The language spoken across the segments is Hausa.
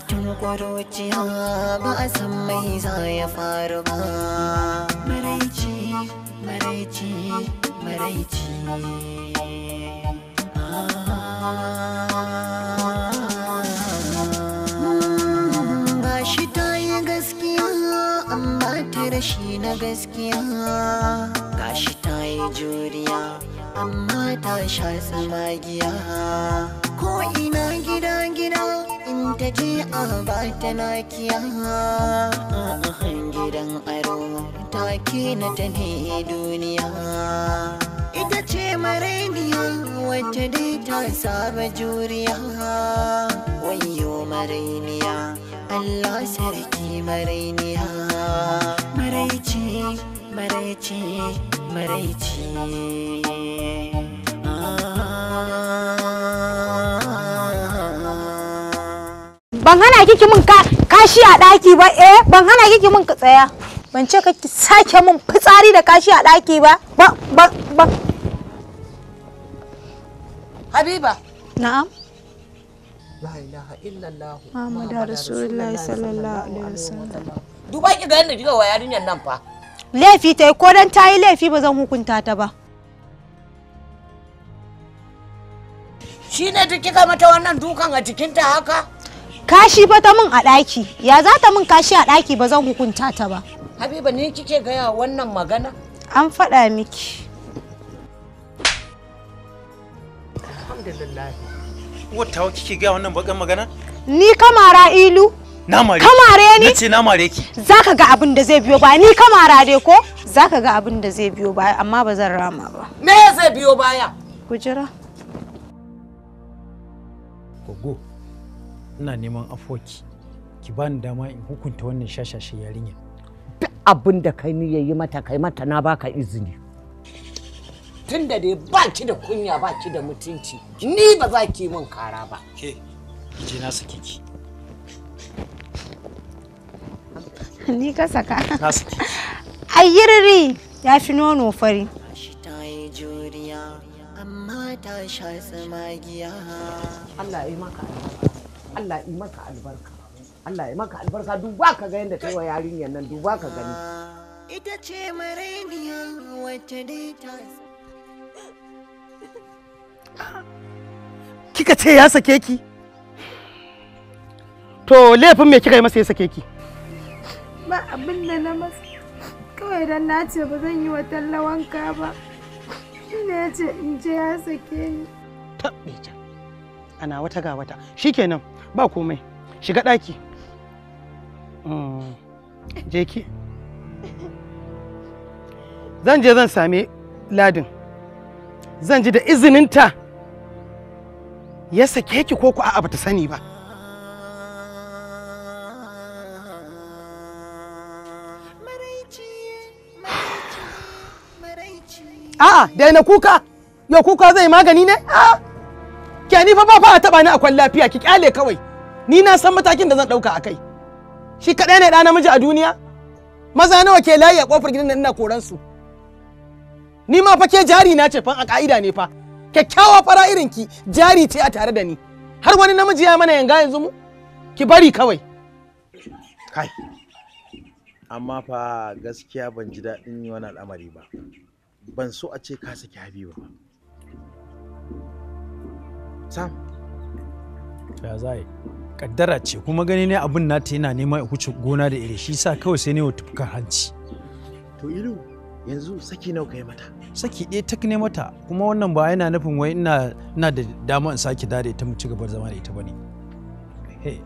tun ƙuruciya ba a san mai ya faru ba maraici maraici maraici ba hmm, shi ta yi gaskiya amma ta rashi na gaskiya ga shi ta yi juriya amma ta sha tsamagiya ko ina gida gida in ta je a ba ta nakiya gidan aro Ta ki na ta ne duniya ita ce marainiya. wacce dai ta saba juriya wayo marainiya. Allah sarki marainiya. maraici maraici maraici ah. ban hana kiki mun kashi a daki ba eh ban hana kiki mun tsaya ban ce kiki sake mun fitsari da kashi a daki ba ba ba ba. Habiba na'am la ilaha illallah Muhammadu rasulullah sallallahu alaihi wasallam duba ki ga yadda wa yarinyar nan fa laifi tai ko dan ta laifi ba zan hukunta ta ba shine duk kika mata wannan dukan a jikinta haka kashi fa ta min a ɗaki ya za ta min kashi a ɗaki ba zan hukunta ta ba habiba ni kike gaya wannan magana an faɗa miki alhamdulillah wata kike gaya wannan bakan magana ni kamara ilu na mare kamare ni nace na mare ki zaka ga abin da zai biyo ba ni kamara dai ko zaka ga abin da zai biyo ba, amma ba zan rama ba me zai biyo baya ku jira gogo ina neman afoki ki bani dama in hukunta wannan shashashe yarinya duk abin da kai ni yayi mata kai mata na baka izini tun da dai ba ki da kunya ba ki da mutunci ni ba za ki min kara ba ke je na saki ki ni ka saka na saki ayyiriri ya fi nono fari juriya amma ta sha Allah ya maka Allah yi maka albarka Allah ya maka albarka duba ka ga yadda wa yarinyar nan duba ka gani ita ce marainiyar wacce dai ta kika ce ya sake ki to laifin me kika yi masa ya sake ki ba abin da na masa kawai dan na ce ba zan yi wa tallawanka ba shine ya ce in ce ya sake ni tabbe ana wata ga wata shikenan ba komai shiga ɗaki mm. je ki zan je zan same ladin zan ji da izininta ya sake ki ko ku a'a ta sani ba a'a daina kuka ya kuka zai magani ne a'a ke ni fa ba fa a taba ni akwai lafiya ki kyale kawai ni na san matakin da zan ɗauka a kai shi kaɗai ne da namiji a duniya maza nawa ke layi a ƙofar gidan ina koran su ni ma fa ke jari na ce fa a ka'ida ne fa kyakkyawa fara irin ki jari ce a tare da ni har wani namiji ya mana yanga yanzu mu ki bari kawai kai amma fa gaskiya ban ji daɗin wani al'amari ba ban so a ce ka saki habiba sam ya zai kaddara ce kuma gani ne abin na ta yana neman ya huce gona da iri shi sa kawai sai ne wa tufkan hanci to ilu yanzu saki nawa kai mata saki ɗaya tak ne mata kuma wannan ba yana nufin wai ina ina da dama in sake dare ta mu ci gaba zama da ita bane hey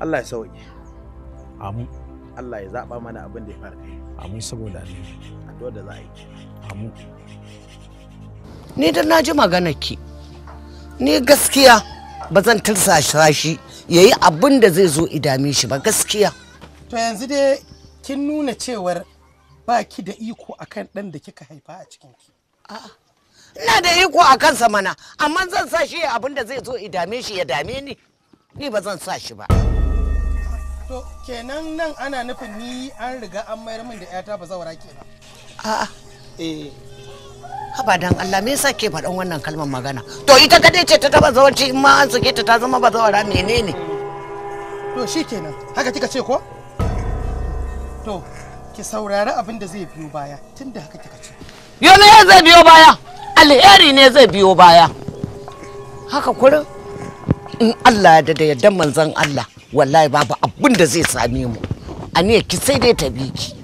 Allah ya sauke amu Allah ya zaba mana abin da ya fara kai amu saboda ne addu'a da za a yi amu ni dan na ji maganar ki ni gaskiya ba zan tursa shi ya yi abin da zai zo idame shi ba gaskiya to yanzu dai kin nuna cewar ba ki da iko akan ɗan da kika haifa a cikinki ina da iko a kansa mana amma zan sa shi abin da zai zo idame shi ya dame ni ni ba zan sa shi ba to kenan nan ana nufin ni an riga an mayar min da 'yata ba zaura kenan a'a eh haba dan Allah me yasa ke faɗan wannan kalmar magana to ita ka ce ta taba zawarci in ma an suke ta ta zama bazawara menene to shikenan haka kika ce ko to ki saurari abin da zai biyo baya tunda haka kika ce yo ne zai biyo baya alheri ne zai biyo baya haka kurin in Allah ya da yadda manzon Allah wallahi babu abin da zai same mu ne ki sai dai ta bi ki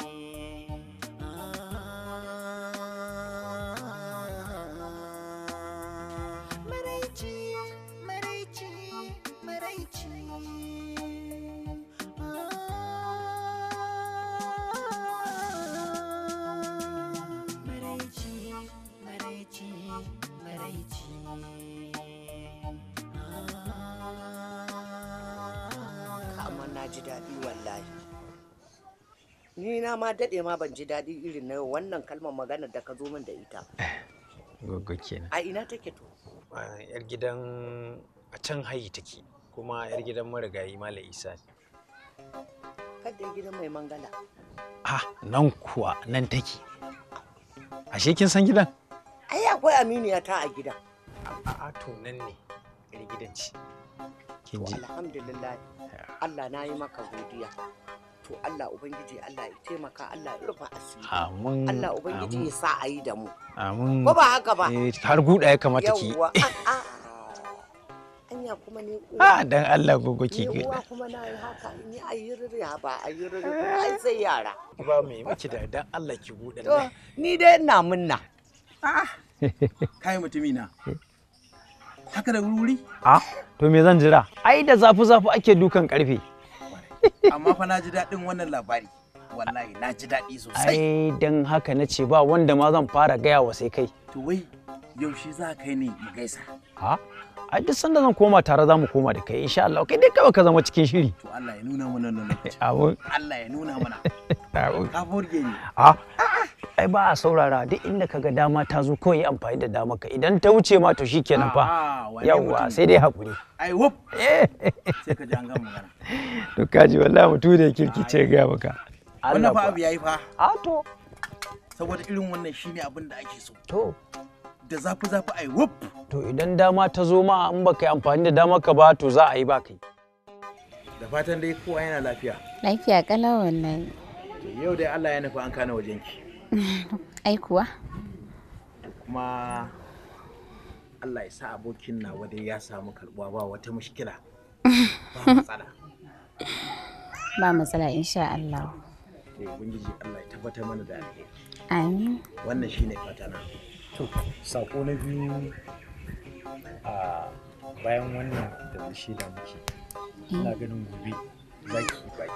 na ji daɗi wallahi ni na ma daɗe ma ban ji daɗi irin na wannan kalmar magana da ka zo min da ita eh, gogo kenan a ina take to yar gidan a can hayi take kuma yar gidan marigayi mala isa kadda gidan mai mangala ah nan kuwa nan take ashe kin san gidan ai akwai aminiya ta a gida a to nan ne yar gidanci kinji alhamdulillah Allah na yi maka godiya to Allah ubangiji Allah ya taimaka Allah ya rufa asiri amin Allah ubangiji ya sa a yi da mu amin ko ba haka ba eh, har guda ya kamata ki hanya kuma ne a ah, dan Allah gogo ki ga uwa kuma na yi haka ni a yi ririya ba a yi ririya ai sai yara ba mu yi miki da dan Allah ki gudan ni dai ina munna Ah. kai mutumi na haka da wuri a ah, to me zan jira ai da zafi zafi ake dukan karfe amma fa na ji daɗin wannan labari wallahi na ji daɗi sosai ai dan haka na ce ba wanda ma zan fara gaya wa sai kai to wai yaushe za ka kai ne mu gaisa ha ai duk sanda zan koma tare za mu koma da kai insha Allah kai dai kawai ka zama cikin shiri to Allah ya nuna mana nan Allah ya nuna mana ka burge ni ah ai ba a saurara duk inda kaga dama ta zo ko yi amfani da dama ka idan ta wuce ma to shikenan fa yawwa sai dai hakuri ai wuf eh. sai ka ji an gama magana to kaji wallahi mutu da kirki ce ga baka wannan fa abu yayi fa a to saboda irin wannan shine abin da ake so to da zafi zafi ai wuf to idan dama ta zo ma in baka yi amfani da dama ka ba to za a yi ba kai da fatan dai kowa yana lafiya lafiya kalau wallahi yau dai Allah ya nufi an kana wajenki aikuwa kuwa kuma Allah ya sa abokin na wadda ya samu karbuwa ba wata mushkila ba matsala ba matsala insha Allah ubangiji Allah ya tabbatar mana da alheri amin wannan shine fatana to sako na biyu a bayan wannan da shi da muke ina hmm. ganin gobe zaki baki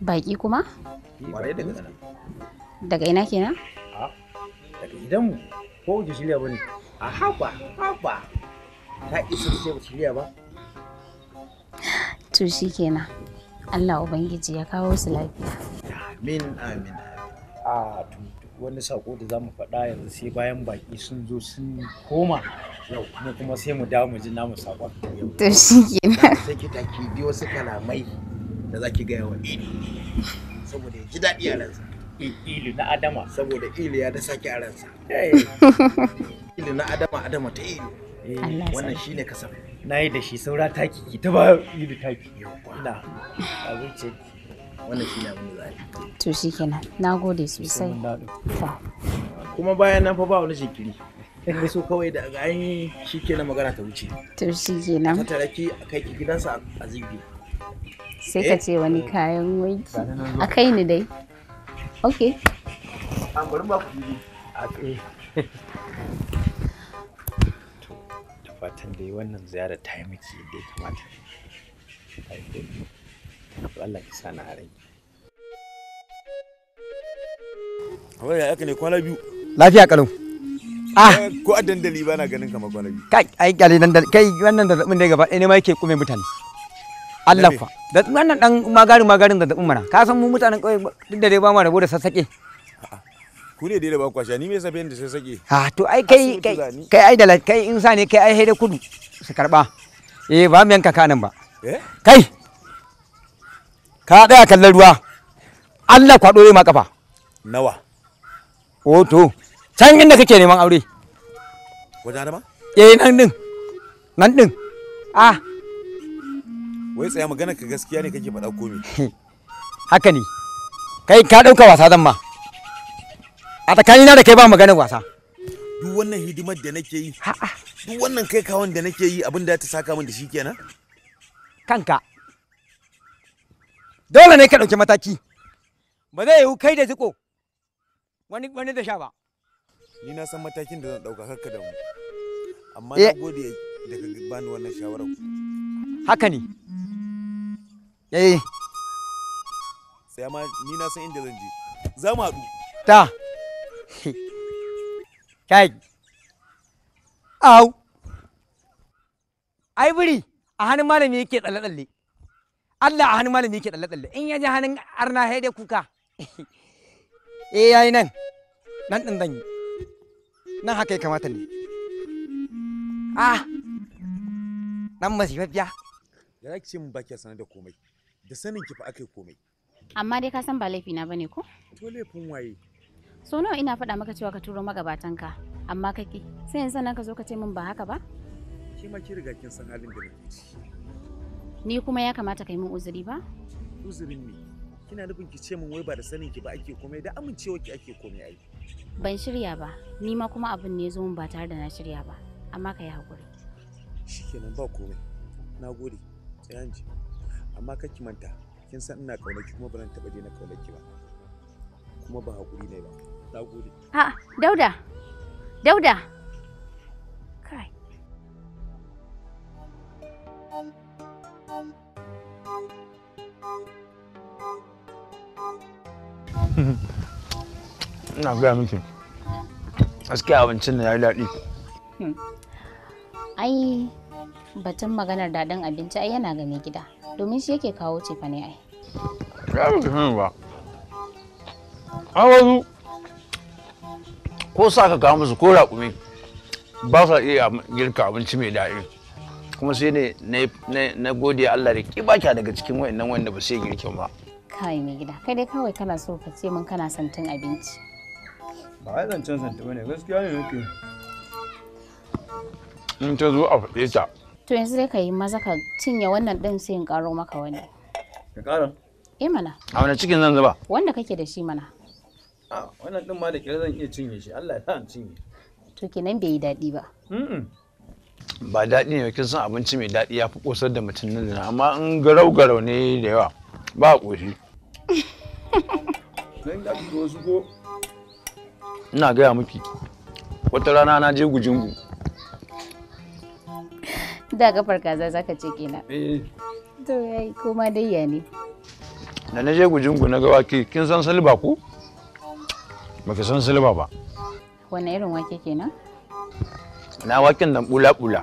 Baƙi kuma? Ƙwarai da gaske. Daga ina kenan? Daga gidanmu ko wuce shirya ba ne? A haba, haba. Ta isa ce ba shirya ba? To shi kenan. Allah Ubangiji ya kawo su lafiya. Amin, amin. A wani sako da za mu faɗa yanzu sai bayan baƙi sun zo sun koma yau kuma sai mu dawo mu ji namu sakon. To shi kenan. Sai ki taki biyo wasu kalamai. da zaki gaya wa ili saboda ya ji daɗi a ransa ili na adama saboda ili ya da saki a ransa ili na adama adama ta ili eh, wannan shine kasaf na yi da shi saura taki ki ta ba ili taki na a zuciyar wannan ne abin da za to na gode sosai kuma bayan nan fa ba wani jinkiri in so kawai da ga an yi na magana ta wuce to ta ka taraki kai ki gidansa a zibi sai ka ce wani kayan wanki a kai ni dai ok da ah, fatan dai wannan ziyara ta yi miki da ya kamata Allah ki sa na rai wai ya ne kwana biyu lafiya kalau ah ko a dandali ba na ganin kama kwana biyu kai ai kyale dandali kai wannan da zabin dai gaba ɗaya ne ma yake kume mutane Allah fa da wannan dan magarin magarin da umara ka san mu mutanen kauye duk da dai ba mu rabo da sassake ku ne dai da ba ku kwasha ni me yasa da sassake ha to ai kai kai kai ai da kai in sa ne kai ai haida kudu su karba eh ba mu yanka kanan ba Eh? kai ka daya kallon ruwa Allah kwado ma kafa nawa o to can inda kake neman aure wajen adama eh nan din nan din ah wai tsaya magana ka gaskiya ne kake faɗa komai haka ne kai ka ɗauka wasa zan ma a na da kai ba maganar wasa duk wannan hidimar da nake yi duk wannan kai kawon da nake yi abin da ta saka min da shi kenan kanka dole ne ka ɗauki mataki ba zai yiwu kai da ziko wani wani da sha ba ni na san matakin da zan ɗauka kakka da mu amma eh. na gode da ka bani wannan shawarar haka ne eh sai ma ni na san inda zan je za mu haɗu ta kai au ai buri a hannun malami yake tsalle tsalle Allah a hannun malami yake tsalle tsalle in ya ji hannun arna sai dai kuka eh yayi nan nan din zan yi nan haka ya kamata ne ah nan masifaffiya da ce mun ba ke sanar da komai da sanin ki fa aka komai amma dai ka san ba laifi na bane ko to laifin waye so nawa ina faɗa maka cewa ka turo magabatan ka amma kake sai yanzu nan ka zo ka ce min ba haka ba shi ma ki riga kin san halin da nake ciki ni kuma ya kamata ka yi min uzuri ba uzurin me kina nufin ki ce min wai ba da sanin ki ba ake komai da amincewa ki ake komai ai ban shirya ba ni ma kuma abin ne zo min ba tare da na shirya ba amma ka yi hakuri shikenan ba komai na gode tsayanci amma kar ki manta kin san ina ki kuma ba zan taɓa daina ki ba kuma ba hakuri ne ba na gode ha dauda dauda kai ina gaya miki gaskiya abincin da ya yi daɗi hmm. ai batun maganar daɗin abinci ai yana ga mai gida domin shi yake kawo ce fane ai ya ba sanin ba a wazu, ko sa ka kawo musu ko raƙumi ba sa iya girka abinci mai daɗi kuma sai ne na gode Allah da ki baki daga cikin wayannan wanda ba sai girkin ba kai mai gida kai dai kawai kana so ka ce mun kana santin abinci ba ai zancen santa bane gaskiya ne nake in ta zo a faɗe ta to yanzu zai ka yi maza ka cinye wannan din sai in karo maka wani ka karo eh mana a wani cikin zan zuba wanda kake da shi mana a wannan din ma da kira zan iya cinye shi Allah ya sa an cinye to kenan bai yi daɗi ba ba dadi ne kin san abinci mai daɗi ya fi kosar da mutum nan da amma in garau garau ne da yawa ba koshi dan ga wasu ko ina gaya miki wata rana na je gujingu da kafar kaza zaka ce kenan eh to yayi koma dai ya ne da na je gujungu na ga wake kin san silba ko ki san silba ba Wane irin wake kenan na waken nan bula bula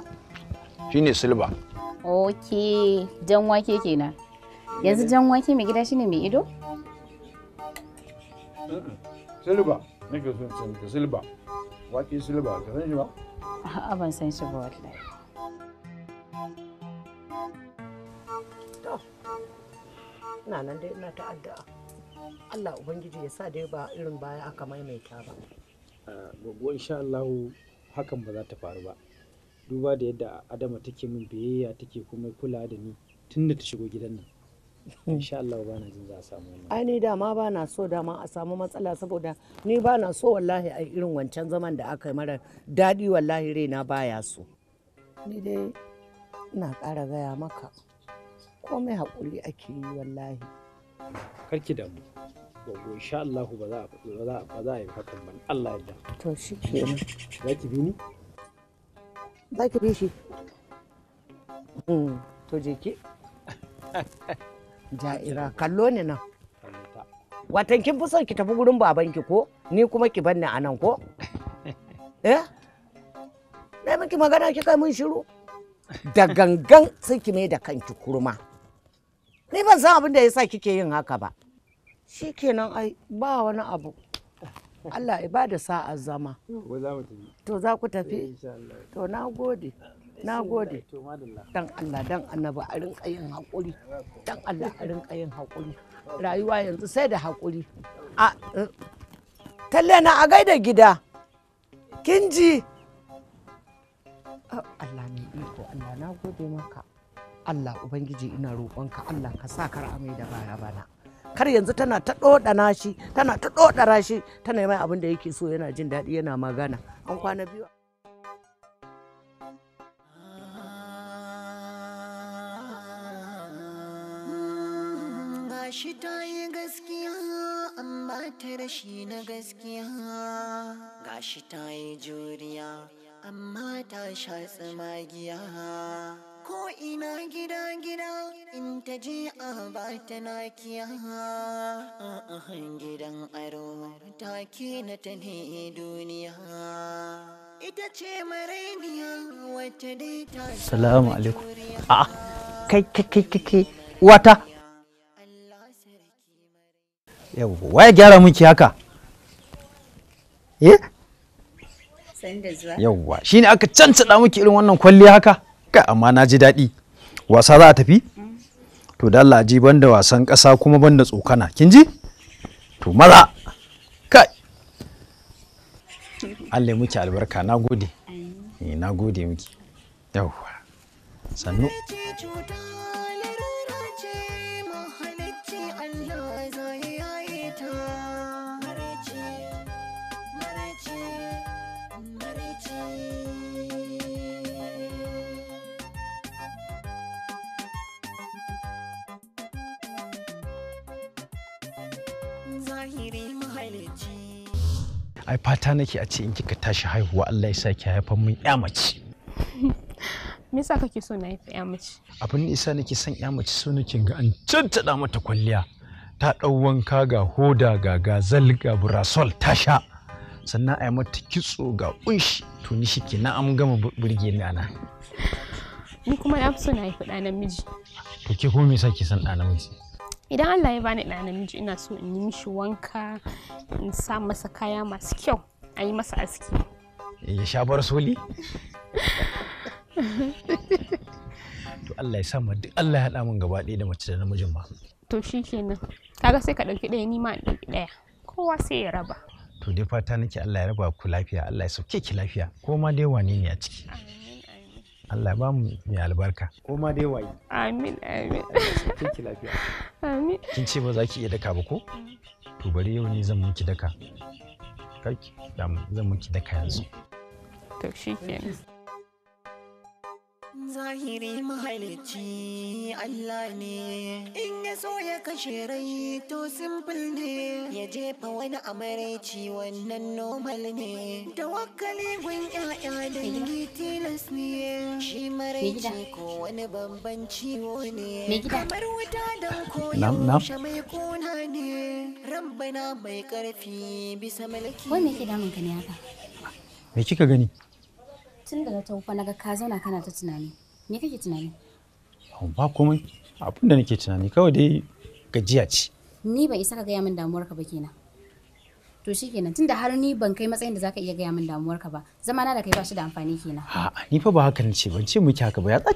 shine silba ok jan wake kenan yanzu jan wake mai gida shine mai ido silba nake son silba wake silba ka san shi ba a'a ban san shi ba wallahi to ina nan dai ina ta'adda Allah ubangiji ya sa dai ba irin baya aka maimaita ba gogo insha Allah hakan ba za ta faru ba duba da yadda adama take min biyayya take kuma kula da ni tun da ta shigo gidan nan insha Allah ba na jin za a samu wannan ai ni dama ba na so dama a samu matsala saboda ni ba na so wallahi ai irin wancan zaman da aka yi mara daɗi wallahi raina baya so ni dai ina ƙara gaya maka komai haƙuri ake yi wallahi karki mu gogo insha Allah ba za a ba za a yi hakan ba Allah ya yarda to shikenan zaki bi ni zaki bi shi hmm, to je ki ja'ira kallo ne nan watan kin fi son ki tafi gurin babanki ko ni kuma ki banni a nan ko eh na miki magana kika mun shiru da gangan sai ki mai da kanki kurma ni ban san abin da yasa kike yin haka ba shikenan ai ba wani abu Allah ya bada sa'a zama to za ku tafi eh, to na gode na gode dan Allah dan annabi a rinka yin haƙuri dan Allah a rinka yin haƙuri rayuwa yanzu sai da haƙuri a eh, talle na a gaida gida kinji Ah, Allah mai iko Allah na gode maka Allah Ubangiji ina roƙonka Allah ka sa kar amai da baya bana kar yanzu tana ta ɗoɗana shi tana ta ɗoɗara shi tana mai abin da yake so yana jin daɗi yana magana an kwana biyu shi ta yi gaskiya amma ta rashi na gaskiya gashi ta yi juriya amma ta sha tsumagiya ko ina gida gida in ta je a ba ta nakiya a gidan aro ta ke na ta ne duniya ita ce marainiya wacce dai ta salamu alaikum a kai kai kai kai wata yau wai gyara miki haka eh yawwa shine aka da miki irin wannan kwalliya haka kai amma na ji daɗi wasa za a tafi mm. to da Allah ji banda wasan ƙasa kuma banda tsokana kin ji to maza kai Allah muke albarka na gode eh, na gode miki yawwa sannu ai fata nake a ce in kika tashi haihuwa Allah ya saki haifan min ya mace me yasa kake so na haifa ya mace abin da nake son ya mace so nake ga an tantada mata kwalliya ta dau wanka ga hoda ga gazal ga burasol ta sha sannan ai mata kitso ga kunshi to ni shike na am gama burge ni ana ni kuma na fi so na haifa ɗa namiji to ke ko me yasa ke son ɗa namiji idan allah ya bani ɗa namiji ina so in yi mishi wanka in sa masa kaya masu kyau a yi masa aski ya sha bar soli to allah ya sama duk allah ya haɗa gaba ɗaya da mace da namijin ba to shi kenan kaga sai ka ɗauki ɗaya ni ma in ɗauki ɗaya kowa sai ya raba to dai fata nake allah ya raba ku lafiya allah ya sauke ki lafiya ko ma dai wane ne a ciki Allah ba mu mai albarka. Ko ma dai waye. Amin amin. ki lafiya. Amin. Kin ce ba za ki iya daka ba ko? To bari yau ne zan miki daka. Kai, zan miki daka yanzu. To shi kenan. zahiri mahalicci Allah ne in ya so ya kashe rai to simple ne ya jefa wani amareci wannan normal ne tawakkali gun ya'ya da yi tilas ne shi maraici ko wani bambanci ciwo ne kamar wuta don shi mai kuna ne rambana mai karfi bisa mulki wai me ke damun ka ne haka me kika gani tun da na taufa naga ka zauna kana ta tunani me kake tunani ba komai abin da nake tunani kawai dai gajiya ce ni ba isa ka gaya min damuwarka ba kenan to shikenan da har ni ban kai matsayin da zaka iya gaya min damuwarka ba zama na da kai ba shi da amfani kenan a'a ni fa ba haka nace ban ce miki haka ba ya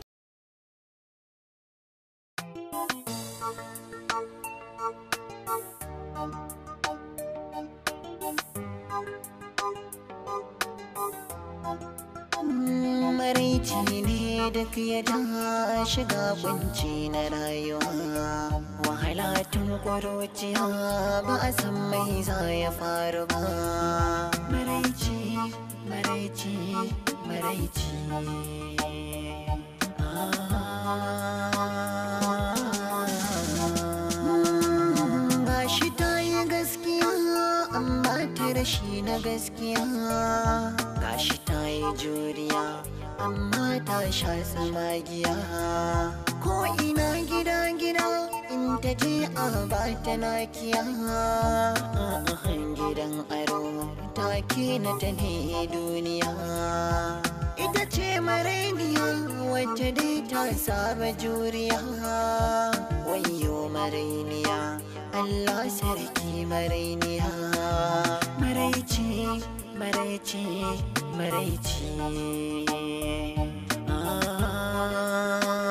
A shiga kunci na rayuwa wahala tun ƙuruciya ba a san mai za ya faru ba maraici maraici maraici Gashi ta yi gaskiya amma ta rashi na gaskiya gashi ta yi juriya amma ta sha samagiya ko ina gida gida in ta je a ba ta nakiya gidan aro ta na ta ne duniya ita ce marainiya. wacce dai ta saba juriya wayo marainiya. Allah sarki mareniya maraice maraice maraice ah.